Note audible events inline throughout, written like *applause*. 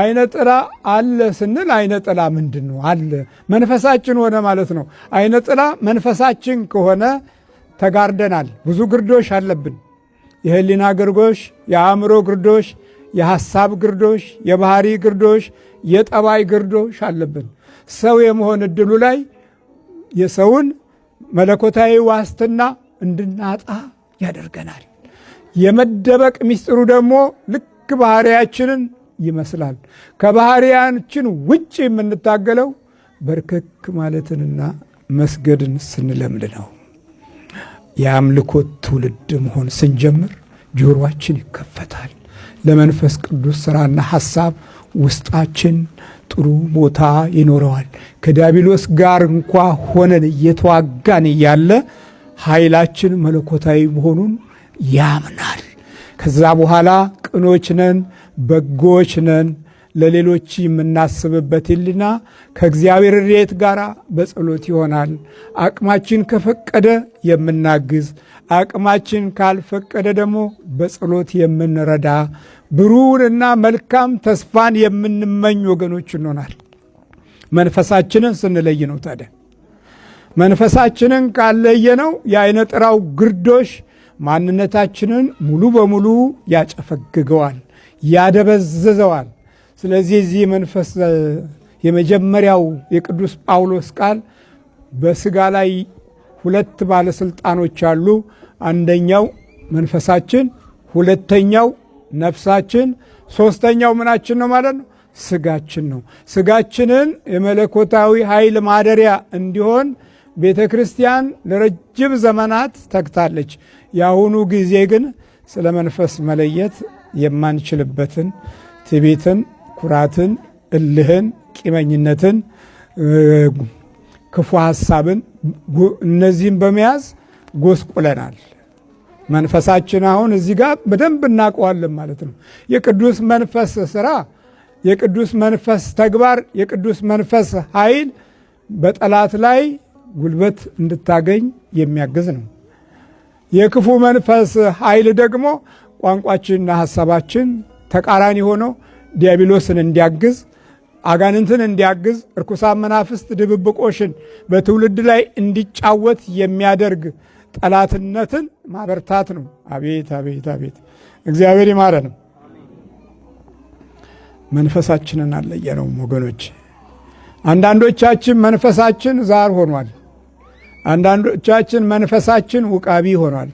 አይነ ጥላ አለ ስንል አይነ ጥላ ምንድን ነው? አለ መንፈሳችን ሆነ ማለት ነው። አይነ ጥላ መንፈሳችን ከሆነ ተጋርደናል። ብዙ ግርዶሽ አለብን። የህሊና ግርዶሽ፣ የአእምሮ ግርዶሽ፣ የሐሳብ ግርዶሽ፣ የባህሪ ግርዶሽ፣ የጠባይ ግርዶሽ አለብን። ሰው የመሆን እድሉ ላይ የሰውን መለኮታዊ ዋስትና እንድናጣ ያደርገናል። የመደበቅ ሚስጥሩ ደግሞ ልክ ባህሪያችንን ይመስላል። ከባህሪያችን ውጭ የምንታገለው በርከክ ማለትንና መስገድን ስንለምድ ነው። የአምልኮት ትውልድ መሆን ስንጀምር ጆሮአችን ይከፈታል። ለመንፈስ ቅዱስ ስራና ሐሳብ ውስጣችን ጥሩ ቦታ ይኖረዋል። ከዲያብሎስ ጋር እንኳ ሆነን እየተዋጋን እያለ ኃይላችን መለኮታዊ መሆኑን ያምናል። ከዛ በኋላ ቅኖች ነን በጎች ነን ለሌሎች የምናስብበት ይልና ከእግዚአብሔር ሬት ጋር በጸሎት ይሆናል። አቅማችን ከፈቀደ የምናግዝ፣ አቅማችን ካልፈቀደ ደግሞ በጸሎት የምንረዳ ብሩህንና መልካም ተስፋን የምንመኝ ወገኖች እንሆናል። መንፈሳችንን ስንለይ ነው ታዲያ መንፈሳችንን ካለየነው የአይነ ጥራው ግርዶሽ ማንነታችንን ሙሉ በሙሉ ያጨፈግገዋል። ያደበዝዘዋል። ስለዚህ እዚህ መንፈስ የመጀመሪያው የቅዱስ ጳውሎስ ቃል በስጋ ላይ ሁለት ባለስልጣኖች አሉ። አንደኛው መንፈሳችን፣ ሁለተኛው ነፍሳችን፣ ሶስተኛው ምናችን ነው ማለት ነው ስጋችን ነው። ስጋችንን የመለኮታዊ ኃይል ማደሪያ እንዲሆን ቤተ ክርስቲያን ለረጅም ዘመናት ተግታለች። የአሁኑ ጊዜ ግን ስለ መንፈስ መለየት የማንችልበትን ትቤትን ኩራትን፣ እልህን፣ ቂመኝነትን፣ ክፉ ሀሳብን እነዚህም በመያዝ ጎስቁለናል። መንፈሳችን አሁን እዚህ ጋር በደንብ እናውቀዋለን ማለት ነው። የቅዱስ መንፈስ ስራ፣ የቅዱስ መንፈስ ተግባር፣ የቅዱስ መንፈስ ኃይል በጠላት ላይ ጉልበት እንድታገኝ የሚያግዝ ነው። የክፉ መንፈስ ኃይል ደግሞ ቋንቋችንና ሀሳባችን ተቃራኒ ሆኖ ዲያብሎስን እንዲያግዝ አጋንንትን እንዲያግዝ እርኩሳን መናፍስት ድብብቆሽን በትውልድ ላይ እንዲጫወት የሚያደርግ ጠላትነትን ማበርታት ነው። አቤት አቤት አቤት! እግዚአብሔር ይማረን። መንፈሳችንን አልለየነውም ወገኖች። አንዳንዶቻችን መንፈሳችን ዛር ሆኗል። አንዳንዶቻችን መንፈሳችን ውቃቢ ሆኗል።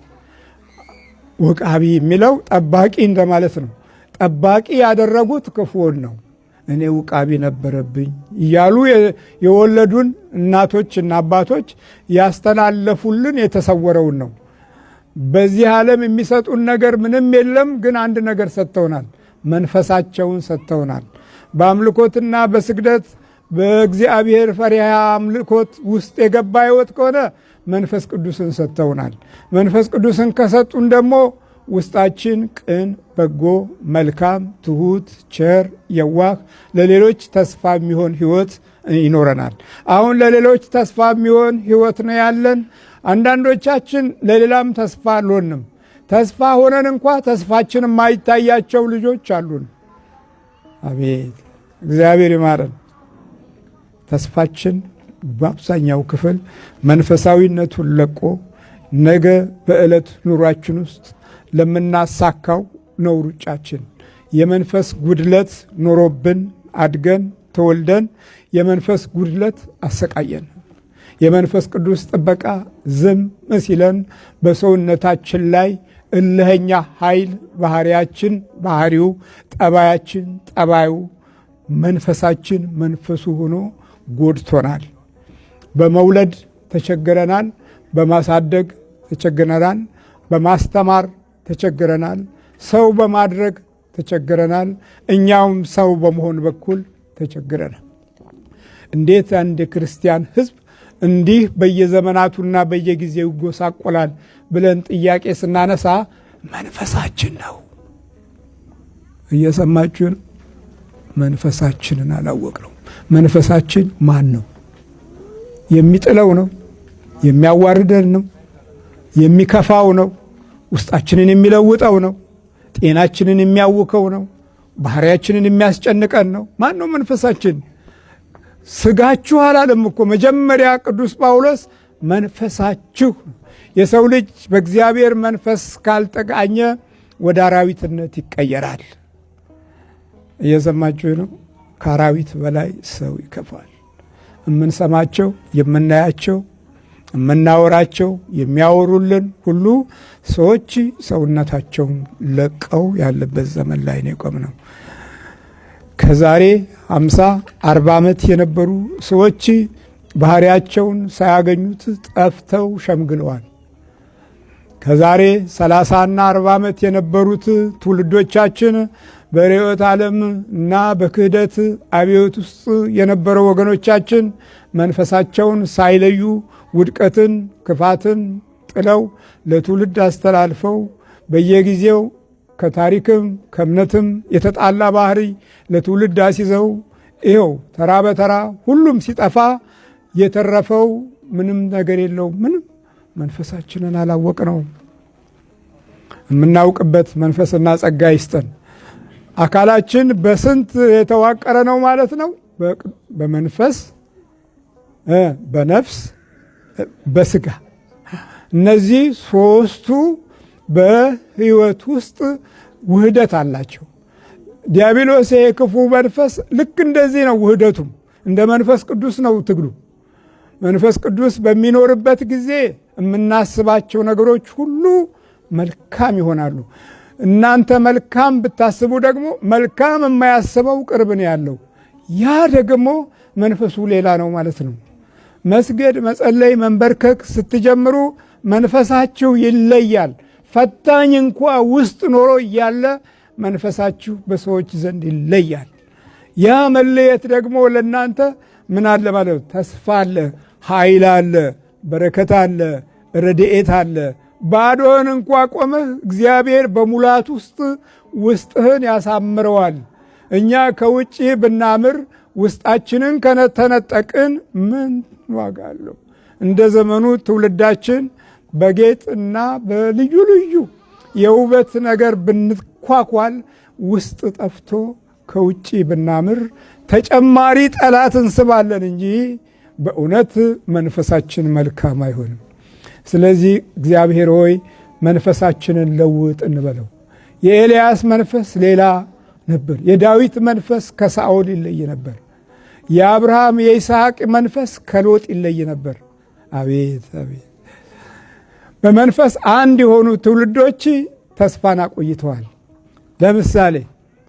ውቃቢ የሚለው ጠባቂ እንደማለት ነው። ጠባቂ ያደረጉት ክፉውን ነው። እኔ ውቃቢ ነበረብኝ እያሉ የወለዱን እናቶችና አባቶች ያስተላለፉልን የተሰወረውን ነው። በዚህ ዓለም የሚሰጡን ነገር ምንም የለም፣ ግን አንድ ነገር ሰጥተውናል። መንፈሳቸውን ሰጥተውናል። በአምልኮትና በስግደት በእግዚአብሔር ፈሪሃ አምልኮት ውስጥ የገባ ሕይወት ከሆነ መንፈስ ቅዱስን ሰጥተውናል። መንፈስ ቅዱስን ከሰጡን ደግሞ ውስጣችን ቅን፣ በጎ፣ መልካም፣ ትሁት፣ ቸር፣ የዋህ ለሌሎች ተስፋ የሚሆን ህይወት ይኖረናል። አሁን ለሌሎች ተስፋ የሚሆን ህይወት ነው ያለን። አንዳንዶቻችን ለሌላም ተስፋ አልሆንም። ተስፋ ሆነን እንኳ ተስፋችን የማይታያቸው ልጆች አሉን። አቤት እግዚአብሔር ይማረን። ተስፋችን በአብዛኛው ክፍል መንፈሳዊነቱን ለቆ ነገ በዕለት ኑሯችን ውስጥ ለምናሳካው ነው ሩጫችን። የመንፈስ ጉድለት ኖሮብን አድገን ተወልደን የመንፈስ ጉድለት አሰቃየን። የመንፈስ ቅዱስ ጥበቃ ዝም ሲለን በሰውነታችን ላይ እልህኛ ኃይል ባህሪያችን ባህሪው፣ ጠባያችን ጠባዩ፣ መንፈሳችን መንፈሱ ሆኖ ጎድቶናል። በመውለድ ተቸግረናል፣ በማሳደግ ተቸግረናል፣ በማስተማር ተቸግረናል፣ ሰው በማድረግ ተቸግረናል፣ እኛውም ሰው በመሆን በኩል ተቸግረናል። እንዴት አንድ ክርስቲያን ሕዝብ እንዲህ በየዘመናቱና በየጊዜው ይጎሳቆላል ብለን ጥያቄ ስናነሳ መንፈሳችን ነው። እየሰማችሁ መንፈሳችንን ነው መንፈሳችን ማን ነው? የሚጥለው ነው፣ የሚያዋርደን ነው፣ የሚከፋው ነው፣ ውስጣችንን የሚለውጠው ነው፣ ጤናችንን የሚያውከው ነው፣ ባህሪያችንን የሚያስጨንቀን ነው። ማን ነው መንፈሳችን? ስጋችሁ አላለም እኮ መጀመሪያ ቅዱስ ጳውሎስ መንፈሳችሁ። የሰው ልጅ በእግዚአብሔር መንፈስ ካልተቃኘ ወደ አራዊትነት ይቀየራል። እየሰማችሁ ነው። ከአራዊት በላይ ሰው ይከፋል። የምንሰማቸው፣ የምናያቸው፣ የምናወራቸው የሚያወሩልን ሁሉ ሰዎች ሰውነታቸውን ለቀው ያለበት ዘመን ላይ ነው የቆም ነው። ከዛሬ አምሳ አርባ ዓመት የነበሩ ሰዎች ባህሪያቸውን ሳያገኙት ጠፍተው ሸምግለዋል። ከዛሬ ሰላሳና አርባ ዓመት የነበሩት ትውልዶቻችን በርዕዮተ ዓለም እና በክህደት አብዮት ውስጥ የነበረው ወገኖቻችን መንፈሳቸውን ሳይለዩ ውድቀትን፣ ክፋትን ጥለው ለትውልድ አስተላልፈው በየጊዜው ከታሪክም ከእምነትም የተጣላ ባህሪ ለትውልድ አስይዘው ይኸው ተራ በተራ ሁሉም ሲጠፋ የተረፈው ምንም ነገር የለው ምንም መንፈሳችንን አላወቅ ነው። የምናውቅበት መንፈስና ጸጋ ይስጠን። አካላችን በስንት የተዋቀረ ነው ማለት ነው? በመንፈስ በነፍስ በስጋ እነዚህ ሶስቱ በህይወት ውስጥ ውህደት አላቸው። ዲያብሎስ ይሄ ክፉ መንፈስ ልክ እንደዚህ ነው። ውህደቱም እንደ መንፈስ ቅዱስ ነው ትግሉ። መንፈስ ቅዱስ በሚኖርበት ጊዜ የምናስባቸው ነገሮች ሁሉ መልካም ይሆናሉ። እናንተ መልካም ብታስቡ ደግሞ መልካም የማያስበው ቅርብ ነው ያለው። ያ ደግሞ መንፈሱ ሌላ ነው ማለት ነው። መስገድ፣ መጸለይ፣ መንበርከክ ስትጀምሩ መንፈሳችሁ ይለያል። ፈታኝ እንኳ ውስጥ ኖሮ እያለ መንፈሳችሁ በሰዎች ዘንድ ይለያል። ያ መለየት ደግሞ ለእናንተ ምን አለ ማለት ተስፋ አለ፣ ኃይል አለ፣ በረከት አለ፣ ረድኤት አለ ባዶህን እንኳ ቆመህ እግዚአብሔር በሙላት ውስጥ ውስጥህን ያሳምረዋል። እኛ ከውጭ ብናምር ውስጣችንን ከተነጠቅን ምን ዋጋ አለው? እንደ ዘመኑ ትውልዳችን በጌጥና በልዩ ልዩ የውበት ነገር ብንኳኳል ውስጥ ጠፍቶ ከውጭ ብናምር ተጨማሪ ጠላት እንስባለን እንጂ በእውነት መንፈሳችን መልካም አይሆንም። ስለዚህ እግዚአብሔር ሆይ መንፈሳችንን ለውጥ እንበለው። የኤልያስ መንፈስ ሌላ ነበር። የዳዊት መንፈስ ከሳኦል ይለይ ነበር። የአብርሃም የይስሐቅ መንፈስ ከሎጥ ይለይ ነበር። አቤት አቤት! በመንፈስ አንድ የሆኑ ትውልዶች ተስፋን አቆይተዋል። ለምሳሌ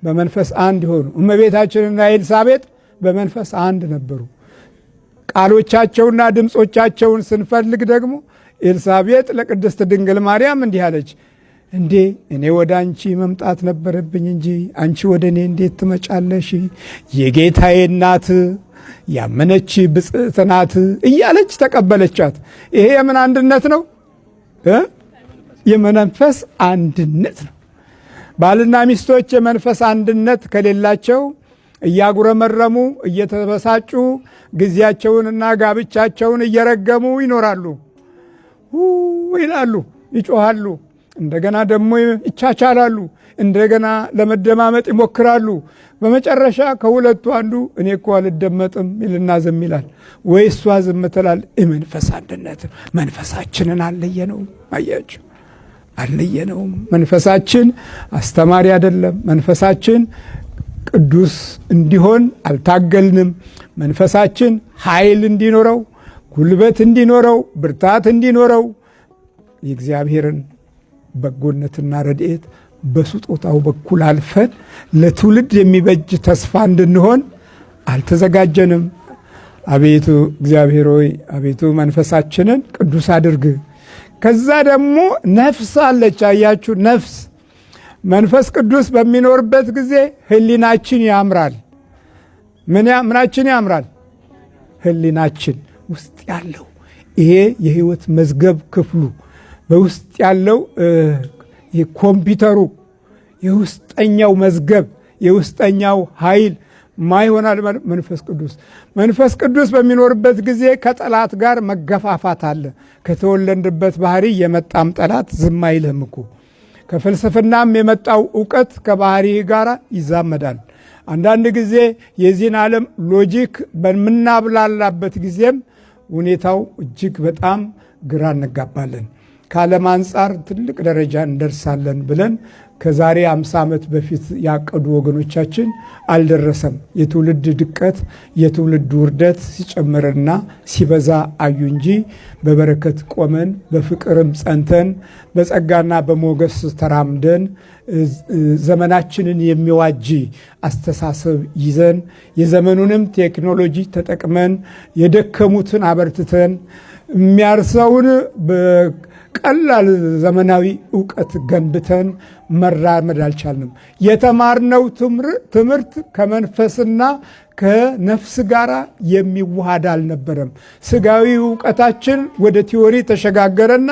በመንፈስ አንድ የሆኑ እመቤታችንና ኤልሳቤጥ በመንፈስ አንድ ነበሩ። ቃሎቻቸውና ድምፆቻቸውን ስንፈልግ ደግሞ ኤልሳቤጥ ለቅድስት ድንግል ማርያም እንዲህ አለች፣ እንዴ እኔ ወደ አንቺ መምጣት ነበረብኝ እንጂ አንቺ ወደ እኔ እንዴት ትመጫለሽ? የጌታዬ እናት ያመነች ብፅዕት ናት እያለች ተቀበለቻት። ይሄ የምን አንድነት ነው? የመንፈስ አንድነት ነው። ባልና ሚስቶች የመንፈስ አንድነት ከሌላቸው እያጉረመረሙ እየተበሳጩ ጊዜያቸውንና ጋብቻቸውን እየረገሙ ይኖራሉ። ይላሉ፣ ይጮሃሉ። እንደገና ደግሞ ይቻቻላሉ። እንደገና ለመደማመጥ ይሞክራሉ። በመጨረሻ ከሁለቱ አንዱ እኔ እኮ አልደመጥም ይልና ዝም ይላል፣ ወይ እሷ ዝም ትላል። የመንፈስ አንድነት መንፈሳችንን አልለየነውም። አያችሁ፣ አልለየነውም። መንፈሳችን አስተማሪ አይደለም። መንፈሳችን ቅዱስ እንዲሆን አልታገልንም። መንፈሳችን ኃይል እንዲኖረው ጉልበት እንዲኖረው ብርታት እንዲኖረው የእግዚአብሔርን በጎነትና ረድኤት በስጦታው በኩል አልፈን ለትውልድ የሚበጅ ተስፋ እንድንሆን አልተዘጋጀንም። አቤቱ እግዚአብሔር ሆይ አቤቱ መንፈሳችንን ቅዱስ አድርግ። ከዛ ደግሞ ነፍስ አለች። አያችሁ ነፍስ መንፈስ ቅዱስ በሚኖርበት ጊዜ ህሊናችን ያምራል። ምናችን ያምራል? ህሊናችን ውስጥ ያለው ይሄ የህይወት መዝገብ ክፍሉ በውስጥ ያለው ኮምፒውተሩ የውስጠኛው መዝገብ የውስጠኛው ኃይል ማ ይሆናል? መንፈስ ቅዱስ። መንፈስ ቅዱስ በሚኖርበት ጊዜ ከጠላት ጋር መገፋፋት አለ። ከተወለድበት ባህሪ የመጣም ጠላት ዝም አይልህም እኮ። ከፍልስፍናም የመጣው እውቀት ከባህሪ ጋር ይዛመዳል። አንዳንድ ጊዜ የዚህን ዓለም ሎጂክ በምናብላላበት ጊዜም ሁኔታው እጅግ በጣም ግራ እንጋባለን። ከዓለም አንጻር ትልቅ ደረጃ እንደርሳለን ብለን ከዛሬ 50 ዓመት በፊት ያቀዱ ወገኖቻችን አልደረሰም። የትውልድ ድቀት፣ የትውልድ ውርደት ሲጨምርና ሲበዛ አዩ እንጂ በበረከት ቆመን በፍቅርም ጸንተን በጸጋና በሞገስ ተራምደን ዘመናችንን የሚዋጅ አስተሳሰብ ይዘን የዘመኑንም ቴክኖሎጂ ተጠቅመን የደከሙትን አበርትተን የሚያርሰውን ቀላል ዘመናዊ እውቀት ገንብተን መራመድ አልቻልንም። የተማርነው ትምህርት ከመንፈስና ከነፍስ ጋር የሚዋሃድ አልነበረም። ስጋዊ እውቀታችን ወደ ቲዎሪ ተሸጋገረና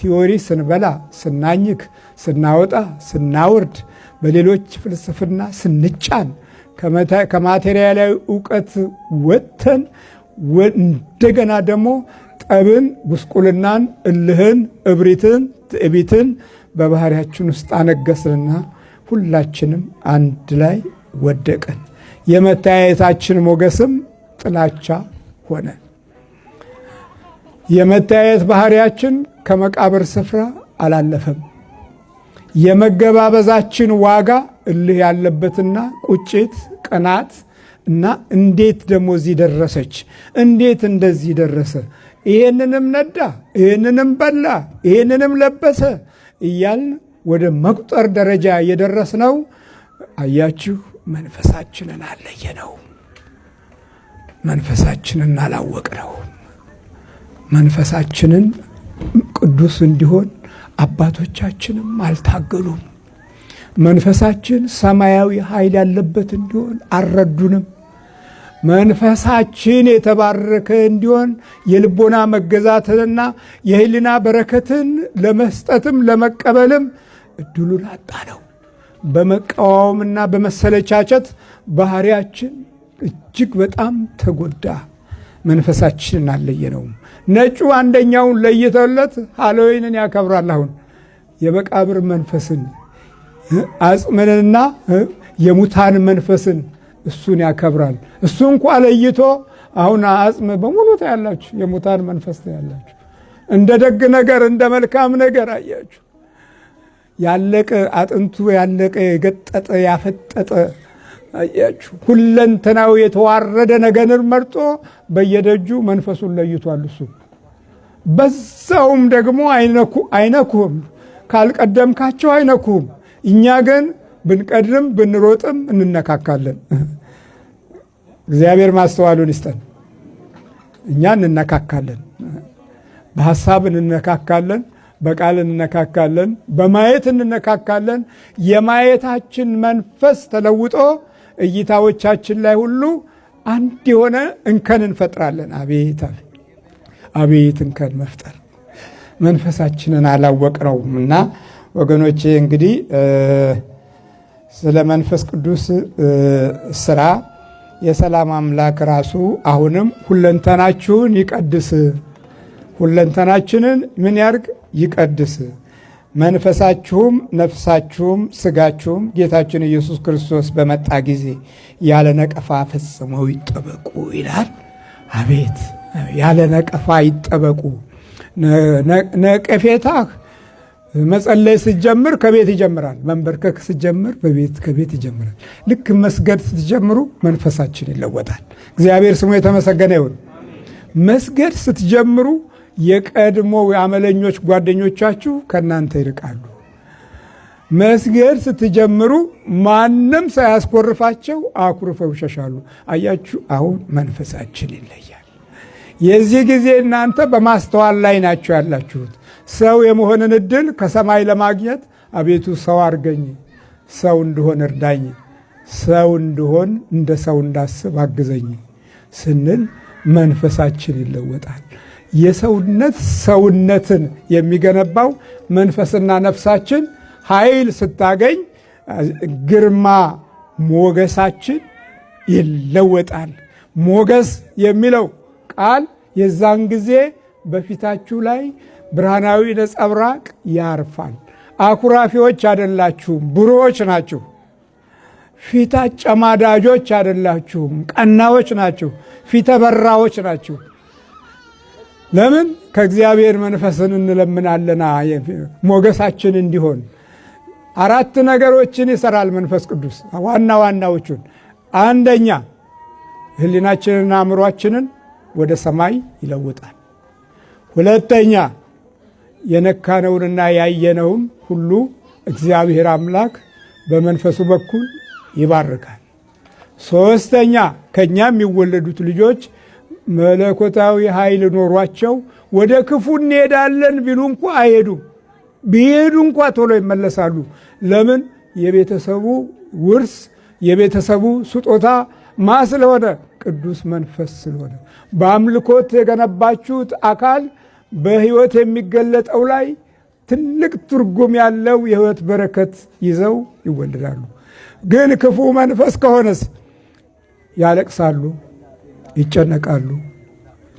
ቲዎሪ ስንበላ፣ ስናኝክ፣ ስናወጣ፣ ስናወርድ፣ በሌሎች ፍልስፍና ስንጫን ከማቴሪያላዊ እውቀት ወጥተን እንደገና ደግሞ ጠብን፣ ጉስቁልናን፣ እልህን፣ እብሪትን፣ ትዕቢትን በባህሪያችን ውስጥ አነገስንና ሁላችንም አንድ ላይ ወደቅን። የመተያየታችን ሞገስም ጥላቻ ሆነ። የመተያየት ባህሪያችን ከመቃብር ስፍራ አላለፈም። የመገባበዛችን ዋጋ እልህ ያለበትና ቁጭት፣ ቅናት እና እንዴት ደግሞ እዚህ ደረሰች፣ እንዴት እንደዚህ ደረሰ ይሄንንም ነዳ፣ ይሄንንም በላ፣ ይሄንንም ለበሰ እያልን ወደ መቁጠር ደረጃ የደረስነው አያችሁ፣ መንፈሳችንን አለየነው። መንፈሳችንን አላወቅነው። መንፈሳችንን ቅዱስ እንዲሆን አባቶቻችንም አልታገሉም። መንፈሳችን ሰማያዊ ኃይል ያለበት እንዲሆን አልረዱንም። መንፈሳችን የተባረከ እንዲሆን የልቦና መገዛትንና የህሊና በረከትን ለመስጠትም ለመቀበልም እድሉን አጣነው። በመቃወምና በመሰለቻቸት ባህሪያችን እጅግ በጣም ተጎዳ። መንፈሳችንን አልለየነውም። ነጩ አንደኛውን ለይተለት ሃሎዊንን ያከብራል። አሁን የመቃብር መንፈስን አጽምንና የሙታን መንፈስን እሱን ያከብራል። እሱ እንኳ ለይቶ አሁን አጽም በሙሉ ታያላችሁ። የሙታን መንፈስ ታያላችሁ። እንደ ደግ ነገር እንደ መልካም ነገር አያችሁ። ያለቀ አጥንቱ ያለቀ የገጠጠ ያፈጠጠ አያችሁ። ሁለንተናው የተዋረደ ነገንር መርጦ በየደጁ መንፈሱን ለይቷል። እሱ በዛውም ደግሞ አይነኩም ካልቀደምካቸው አይነኩም እኛ ግን ብንቀድርም ብንሮጥም እንነካካለን። *laughs* እግዚአብሔር ማስተዋሉን ይስጠን። እኛ እንነካካለን፣ በሀሳብ እንነካካለን፣ በቃል እንነካካለን፣ በማየት እንነካካለን። የማየታችን መንፈስ ተለውጦ እይታዎቻችን ላይ ሁሉ አንድ የሆነ እንከን እንፈጥራለን። አቤት አቤት እንከን መፍጠር መንፈሳችንን አላወቅነውም እና ወገኖቼ እንግዲህ ስለ መንፈስ ቅዱስ ስራ የሰላም አምላክ ራሱ አሁንም ሁለንተናችሁን ይቀድስ፣ ሁለንተናችንን ምን ያርግ ይቀድስ፣ መንፈሳችሁም ነፍሳችሁም ስጋችሁም ጌታችን ኢየሱስ ክርስቶስ በመጣ ጊዜ ያለ ነቀፋ ፈጽመው ይጠበቁ ይላል። አቤት ያለ ነቀፋ ይጠበቁ። ነቀፌታህ መጸለይ ስትጀምር ከቤት ይጀምራል። መንበርከክ ስትጀምር በቤት ከቤት ይጀምራል። ልክ መስገድ ስትጀምሩ መንፈሳችን ይለወጣል። እግዚአብሔር ስሙ የተመሰገነ ይሁን። መስገድ ስትጀምሩ የቀድሞ የአመለኞች ጓደኞቻችሁ ከእናንተ ይርቃሉ። መስገድ ስትጀምሩ ማንም ሳያስኮርፋቸው አኩርፈው ይሸሻሉ። አያችሁ፣ አሁን መንፈሳችን ይለያል። የዚህ ጊዜ እናንተ በማስተዋል ላይ ናቸው ያላችሁት ሰው የመሆንን እድል ከሰማይ ለማግኘት አቤቱ ሰው አርገኝ፣ ሰው እንድሆን እርዳኝ፣ ሰው እንድሆን እንደ ሰው እንዳስብ አግዘኝ ስንል መንፈሳችን ይለወጣል። የሰውነት ሰውነትን የሚገነባው መንፈስና ነፍሳችን ኃይል ስታገኝ ግርማ ሞገሳችን ይለወጣል። ሞገስ የሚለው ቃል የዛን ጊዜ በፊታችሁ ላይ ብርሃናዊ ነጸብራቅ ያርፋል። አኩራፊዎች አደላችሁም ብሩዎች ናችሁ። ፊት አጨማዳጆች አደላችሁም፣ ቀናዎች ናችሁ። ፊተ በራዎች ናችሁ። ለምን ከእግዚአብሔር መንፈስን እንለምናለና ሞገሳችን እንዲሆን አራት ነገሮችን ይሰራል መንፈስ ቅዱስ ዋና ዋናዎቹን አንደኛ ህሊናችንና አእምሯችንን ወደ ሰማይ ይለውጣል ሁለተኛ የነካነውንና ያየነውን ሁሉ እግዚአብሔር አምላክ በመንፈሱ በኩል ይባርካል። ሶስተኛ ከእኛ የሚወለዱት ልጆች መለኮታዊ ኃይል ኖሯቸው ወደ ክፉ እንሄዳለን ቢሉ እንኳ አይሄዱም። ቢሄዱ እንኳ ቶሎ ይመለሳሉ። ለምን? የቤተሰቡ ውርስ የቤተሰቡ ስጦታ ማ ስለሆነ፣ ቅዱስ መንፈስ ስለሆነ በአምልኮት የገነባችሁት አካል በህይወት የሚገለጠው ላይ ትልቅ ትርጉም ያለው የህይወት በረከት ይዘው ይወለዳሉ። ግን ክፉ መንፈስ ከሆነስ ያለቅሳሉ፣ ይጨነቃሉ፣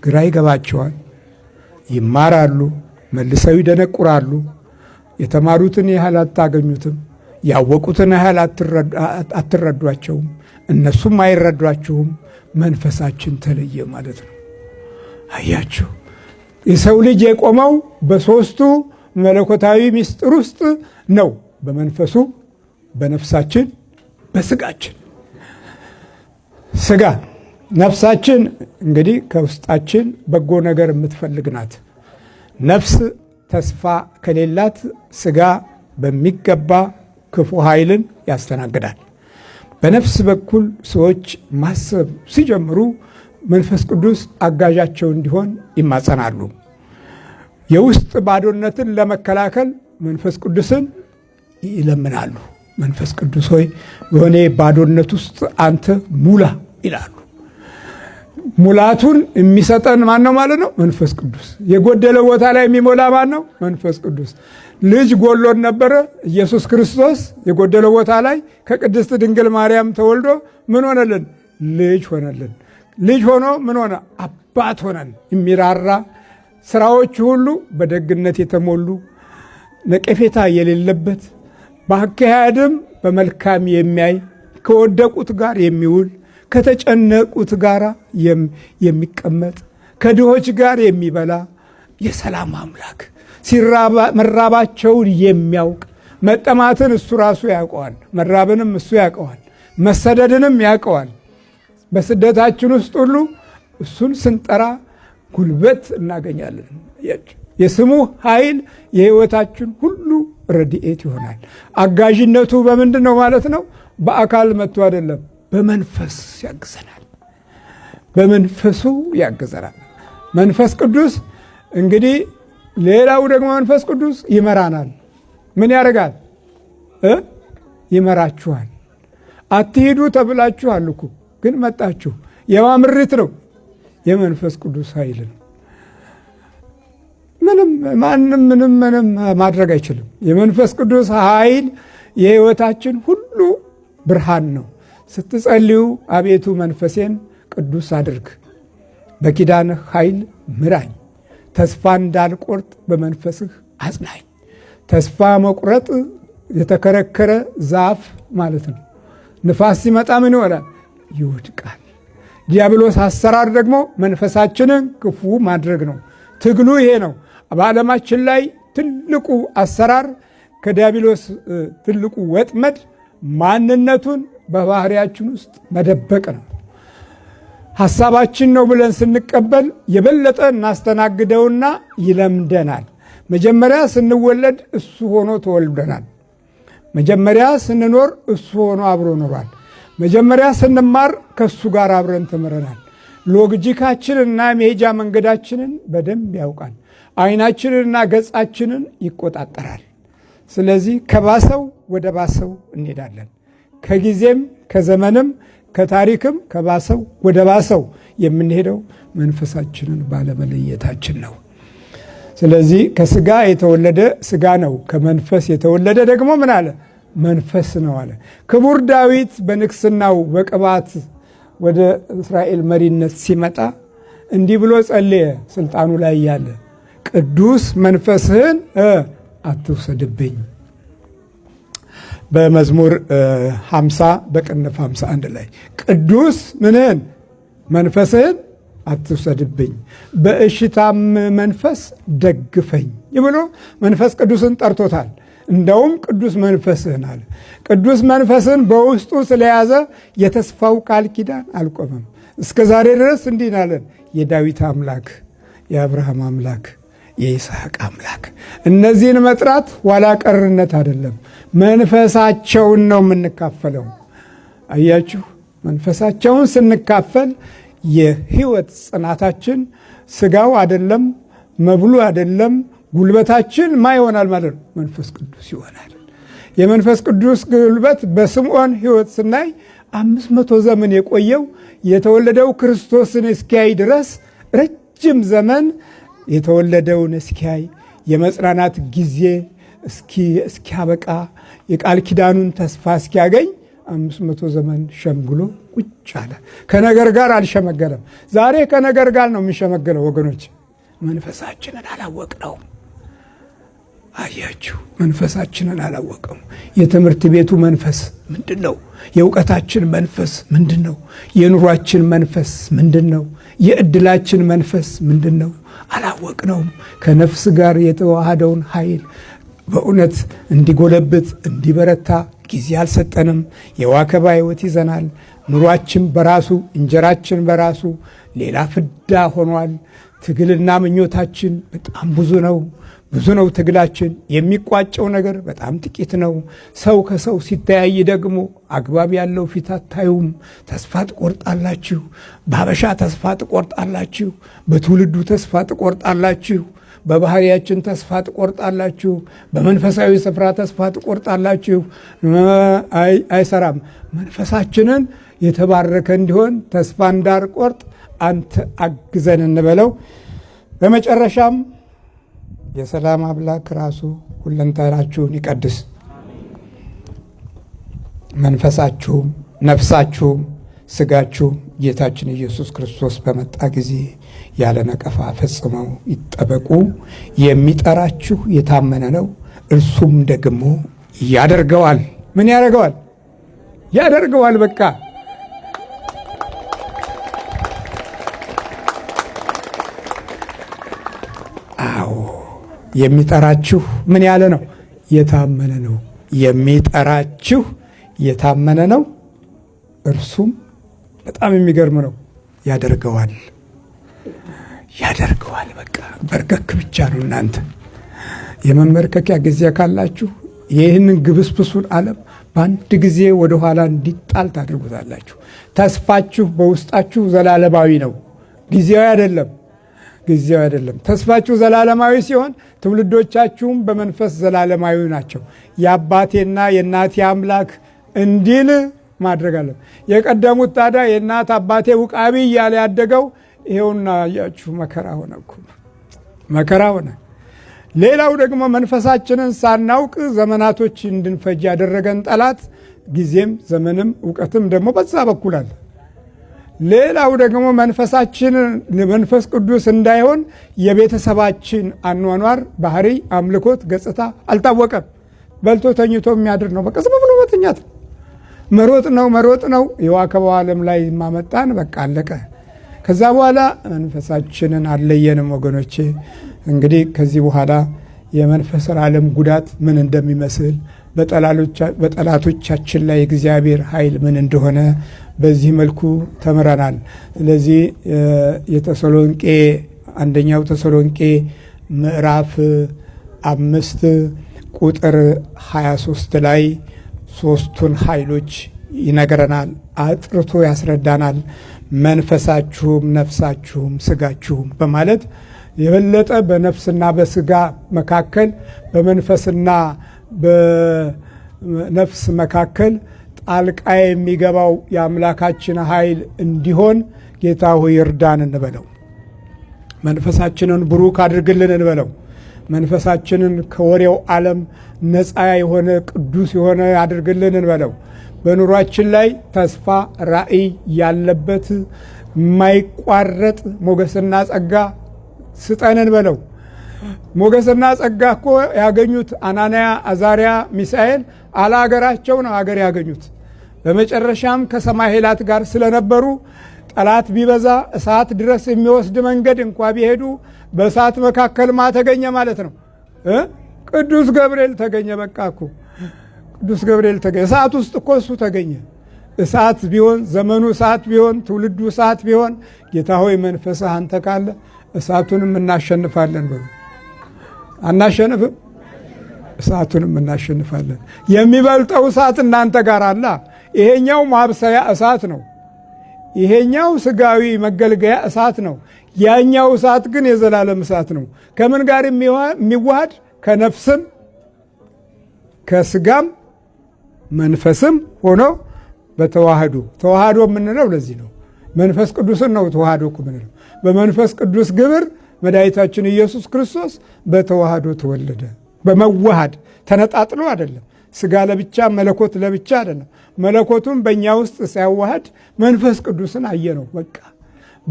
ግራ ይገባቸዋል፣ ይማራሉ፣ መልሰው ይደነቁራሉ። የተማሩትን ያህል አታገኙትም፣ ያወቁትን ያህል አትረዷቸውም፣ እነሱም አይረዷችሁም። መንፈሳችን ተለየ ማለት ነው። አያችሁ። የሰው ልጅ የቆመው በሶስቱ መለኮታዊ ምስጢር ውስጥ ነው። በመንፈሱ፣ በነፍሳችን፣ በስጋችን። ስጋ ነፍሳችን እንግዲህ ከውስጣችን በጎ ነገር የምትፈልግ ናት። ነፍስ ተስፋ ከሌላት ስጋ በሚገባ ክፉ ኃይልን ያስተናግዳል። በነፍስ በኩል ሰዎች ማሰብ ሲጀምሩ መንፈስ ቅዱስ አጋዣቸው እንዲሆን ይማጸናሉ። የውስጥ ባዶነትን ለመከላከል መንፈስ ቅዱስን ይለምናሉ። መንፈስ ቅዱስ ሆይ በሆነ ባዶነት ውስጥ አንተ ሙላ ይላሉ። ሙላቱን የሚሰጠን ማን ነው ማለት ነው? መንፈስ ቅዱስ። የጎደለ ቦታ ላይ የሚሞላ ማን ነው? መንፈስ ቅዱስ። ልጅ ጎሎን ነበረ። ኢየሱስ ክርስቶስ የጎደለ ቦታ ላይ ከቅድስት ድንግል ማርያም ተወልዶ ምን ሆነልን? ልጅ ሆነልን። ልጅ ሆኖ ምን ሆነ? አባት ሆነን የሚራራ ስራዎች ሁሉ በደግነት የተሞሉ ነቀፌታ የሌለበት በአካሄድም በመልካም የሚያይ ከወደቁት ጋር የሚውል ከተጨነቁት ጋር የሚቀመጥ ከድሆች ጋር የሚበላ የሰላም አምላክ መራባቸውን የሚያውቅ መጠማትን እሱ ራሱ ያውቀዋል። መራብንም እሱ ያውቀዋል። መሰደድንም ያውቀዋል። በስደታችን ውስጥ ሁሉ እሱን ስንጠራ ጉልበት እናገኛለን። የስሙ ኃይል የህይወታችን ሁሉ ረድኤት ይሆናል። አጋዥነቱ በምንድን ነው ማለት ነው? በአካል መጥቶ አይደለም፣ በመንፈስ ያግዘናል። በመንፈሱ ያግዘናል። መንፈስ ቅዱስ እንግዲህ ሌላው ደግሞ መንፈስ ቅዱስ ይመራናል። ምን ያደርጋል? ይመራችኋል። አትሂዱ ተብላችኋል እኮ ግን መጣችሁ። የማምርት ነው? የመንፈስ ቅዱስ ኃይል ነው። ምንም ማንም ምንም ምንም ማድረግ አይችልም። የመንፈስ ቅዱስ ኃይል የህይወታችን ሁሉ ብርሃን ነው። ስትጸልዩ አቤቱ መንፈሴን ቅዱስ አድርግ፣ በኪዳንህ ኃይል ምራኝ፣ ተስፋ እንዳልቆርጥ በመንፈስህ አጽናኝ። ተስፋ መቁረጥ የተከረከረ ዛፍ ማለት ነው። ንፋስ ሲመጣ ምን ይሆናል? ይወድቃል። ዲያብሎስ አሰራር ደግሞ መንፈሳችንን ክፉ ማድረግ ነው። ትግሉ ይሄ ነው። በዓለማችን ላይ ትልቁ አሰራር ከዲያብሎስ ትልቁ ወጥመድ ማንነቱን በባህሪያችን ውስጥ መደበቅ ነው። ሐሳባችን ነው ብለን ስንቀበል የበለጠ እናስተናግደውና ይለምደናል። መጀመሪያ ስንወለድ እሱ ሆኖ ተወልደናል። መጀመሪያ ስንኖር እሱ ሆኖ አብሮ ኖሯል። መጀመሪያ ስንማር ከሱ ጋር አብረን ተምረናል። ሎጂካችንና መሄጃ መንገዳችንን በደንብ ያውቃል። አይናችንንና ገጻችንን ይቆጣጠራል። ስለዚህ ከባሰው ወደ ባሰው እንሄዳለን። ከጊዜም ከዘመንም ከታሪክም ከባሰው ወደ ባሰው የምንሄደው መንፈሳችንን ባለመለየታችን ነው። ስለዚህ ከስጋ የተወለደ ስጋ ነው፣ ከመንፈስ የተወለደ ደግሞ ምን አለ መንፈስ ነው አለ። ክቡር ዳዊት በንግስናው በቅባት ወደ እስራኤል መሪነት ሲመጣ እንዲህ ብሎ ጸለየ። ስልጣኑ ላይ ያለ ቅዱስ መንፈስህን አትውሰድብኝ በመዝሙር 50 በቅንፍ 51 ላይ ቅዱስ ምንህን መንፈስህን አትውሰድብኝ በእሽታም መንፈስ ደግፈኝ ብሎ መንፈስ ቅዱስን ጠርቶታል። እንደውም ቅዱስ መንፈስህን አለ። ቅዱስ መንፈስህን በውስጡ ስለያዘ የተስፋው ቃል ኪዳን አልቆመም። እስከ ዛሬ ድረስ እንዲህ አለን። የዳዊት አምላክ፣ የአብርሃም አምላክ፣ የይስሐቅ አምላክ። እነዚህን መጥራት ኋላ ቀርነት አይደለም፣ መንፈሳቸውን ነው የምንካፈለው። አያችሁ፣ መንፈሳቸውን ስንካፈል የህይወት ጽናታችን ስጋው አይደለም መብሉ አይደለም ጉልበታችን ማ ይሆናል ማለት ነው? መንፈስ ቅዱስ ይሆናል። የመንፈስ ቅዱስ ጉልበት በስምዖን ሕይወት ስናይ አምስት መቶ ዘመን የቆየው የተወለደው ክርስቶስን እስኪያይ ድረስ ረጅም ዘመን የተወለደውን እስኪያይ የመጽናናት ጊዜ እስኪያበቃ የቃል ኪዳኑን ተስፋ እስኪያገኝ አምስት መቶ ዘመን ሸምግሎ ቁጭ አለ። ከነገር ጋር አልሸመገለም። ዛሬ ከነገር ጋር ነው የምንሸመገለው ወገኖች። መንፈሳችንን አላወቅነውም። አያችሁ፣ መንፈሳችንን አላወቀም። የትምህርት ቤቱ መንፈስ ምንድን ነው? የእውቀታችን መንፈስ ምንድን ነው? የኑሯችን መንፈስ ምንድን ነው? የእድላችን መንፈስ ምንድን ነው? አላወቅነውም። ከነፍስ ጋር የተዋሃደውን ኃይል በእውነት እንዲጎለብት እንዲበረታ ጊዜ አልሰጠንም። የዋከባ ህይወት ይዘናል። ኑሯችን በራሱ እንጀራችን በራሱ ሌላ ፍዳ ሆኗል። ትግልና ምኞታችን በጣም ብዙ ነው። ብዙ ነው ትግላችን። የሚቋጨው ነገር በጣም ጥቂት ነው። ሰው ከሰው ሲተያይ ደግሞ አግባብ ያለው ፊት አታዩም። ተስፋ ትቆርጣላችሁ። በሀበሻ ተስፋ ትቆርጣላችሁ። በትውልዱ ተስፋ ትቆርጣላችሁ። በባህሪያችን ተስፋ ትቆርጣላችሁ። በመንፈሳዊ ስፍራ ተስፋ ትቆርጣላችሁ። አይሰራም። መንፈሳችንን የተባረከ እንዲሆን ተስፋ እንዳርቆርጥ አንተ አግዘን እንበለው። በመጨረሻም የሰላም አምላክ ራሱ ሁለንተናችሁን ይቀድስ፣ መንፈሳችሁም፣ ነፍሳችሁም፣ ስጋችሁም ጌታችን ኢየሱስ ክርስቶስ በመጣ ጊዜ ያለ ነቀፋ ፈጽመው ይጠበቁ። የሚጠራችሁ የታመነ ነው፣ እርሱም ደግሞ ያደርገዋል። ምን ያደርገዋል? ያደርገዋል በቃ የሚጠራችሁ ምን ያለ ነው? የታመነ ነው። የሚጠራችሁ የታመነ ነው፣ እርሱም በጣም የሚገርም ነው ያደርገዋል ያደርገዋል። በቃ በርከክ ብቻ ነው። እናንተ የመመርከኪያ ጊዜ ካላችሁ ይህንን ግብስብሱን ዓለም በአንድ ጊዜ ወደኋላ እንዲጣል ታደርጉታላችሁ። ተስፋችሁ በውስጣችሁ ዘላለማዊ ነው፣ ጊዜያዊ አይደለም። ጊዜው አይደለም። ተስፋችሁ ዘላለማዊ ሲሆን ትውልዶቻችሁም በመንፈስ ዘላለማዊ ናቸው። የአባቴና የእናቴ አምላክ እንዲል ማድረግ አለ። የቀደሙት ታዲያ የእናት አባቴ ውቃቢ እያለ ያደገው ይሄውና ያችሁ መከራ ሆነ እኮ መከራ ሆነ። ሌላው ደግሞ መንፈሳችንን ሳናውቅ ዘመናቶች እንድንፈጅ ያደረገን ጠላት ጊዜም ዘመንም እውቀትም ደግሞ በዛ በኩል አለ። ሌላው ደግሞ መንፈሳችን መንፈስ ቅዱስ እንዳይሆን የቤተሰባችን አኗኗር፣ ባህሪ፣ አምልኮት፣ ገጽታ አልታወቀም። በልቶ ተኝቶ የሚያድር ነው። በቃ ዝም ብሎ መተኛት መሮጥ ነው መሮጥ ነው የዋከበው ዓለም ላይ ማመጣን በቃ አለቀ። ከዛ በኋላ መንፈሳችንን አለየንም ወገኖቼ። እንግዲህ ከዚህ በኋላ የመንፈስ ዓለም ጉዳት ምን እንደሚመስል በጠላቶቻችን ላይ እግዚአብሔር ኃይል ምን እንደሆነ በዚህ መልኩ ተምረናል። ስለዚህ የተሰሎንቄ አንደኛው ተሰሎንቄ ምዕራፍ አምስት ቁጥር 23 ላይ ሶስቱን ኃይሎች ይነግረናል፣ አጥርቶ ያስረዳናል። መንፈሳችሁም ነፍሳችሁም ስጋችሁም በማለት የበለጠ በነፍስና በስጋ መካከል በመንፈስና በነፍስ መካከል ጣልቃ የሚገባው የአምላካችን ኃይል እንዲሆን ጌታ ሆይ እርዳን እንበለው። መንፈሳችንን ብሩክ አድርግልን እንበለው። መንፈሳችንን ከወሬው ዓለም ነፃ የሆነ ቅዱስ የሆነ አድርግልን እንበለው። በኑሯችን ላይ ተስፋ ራዕይ ያለበት የማይቋረጥ ሞገስና ጸጋ ስጠን እንበለው። ሞገስና ጸጋ እኮ ያገኙት አናንያ፣ አዛሪያ፣ ሚሳኤል አለአገራቸው ነው አገር ያገኙት። በመጨረሻም ከሰማይ ከሰማሄላት ጋር ስለነበሩ ጠላት ቢበዛ እሳት ድረስ የሚወስድ መንገድ እንኳ ቢሄዱ በእሳት መካከል ማ ተገኘ ማለት ነው። ቅዱስ ገብርኤል ተገኘ። በቃ እኮ ቅዱስ ገብርኤል ተገኘ። እሳት ውስጥ እኮ እሱ ተገኘ። እሳት ቢሆን ዘመኑ እሳት ቢሆን ትውልዱ እሳት ቢሆን ጌታ ሆይ መንፈስህ አንተ ካለ እሳቱንም እናሸንፋለን በሉ። አናሸንፍም፣ እሳቱንም እናሸንፋለን። የሚበልጠው እሳት እናንተ ጋር አላ። ይሄኛው ማብሰያ እሳት ነው። ይሄኛው ስጋዊ መገልገያ እሳት ነው። ያኛው እሳት ግን የዘላለም እሳት ነው። ከምን ጋር የሚዋሃድ? ከነፍስም ከስጋም መንፈስም ሆኖ በተዋህዶ ተዋህዶ የምንለው ለዚህ ነው። መንፈስ ቅዱስን ነው ተዋህዶ የምንለው በመንፈስ ቅዱስ ግብር መድኃኒታችን ኢየሱስ ክርስቶስ በተዋህዶ ተወለደ። በመዋሃድ ተነጣጥሎ አይደለም። ስጋ ለብቻ መለኮት ለብቻ አይደለም። መለኮቱም በእኛ ውስጥ ሲያዋህድ መንፈስ ቅዱስን አየነው። በቃ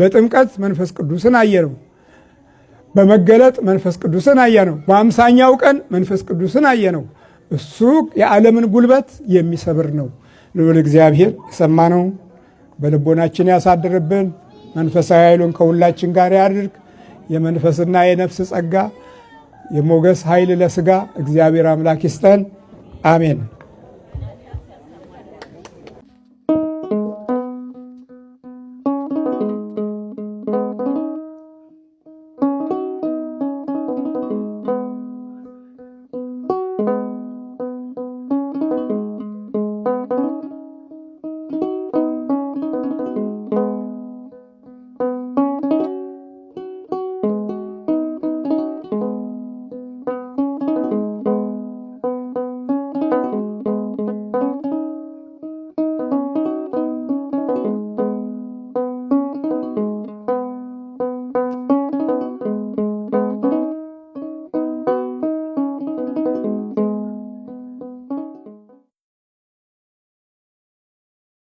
በጥምቀት መንፈስ ቅዱስን አየነው። በመገለጥ መንፈስ ቅዱስን አየነው። በአምሳኛው ቀን መንፈስ ቅዱስን አየነው። እሱ የዓለምን ጉልበት የሚሰብር ነው። ልዑል እግዚአብሔር የሰማነውን በልቦናችን ያሳድርብን። መንፈሳዊ ኃይሉን ከሁላችን ጋር ያድርግ። የመንፈስና የነፍስ ጸጋ የሞገስ ኃይል ለስጋ እግዚአብሔር አምላክ ይስጠን። አሜን።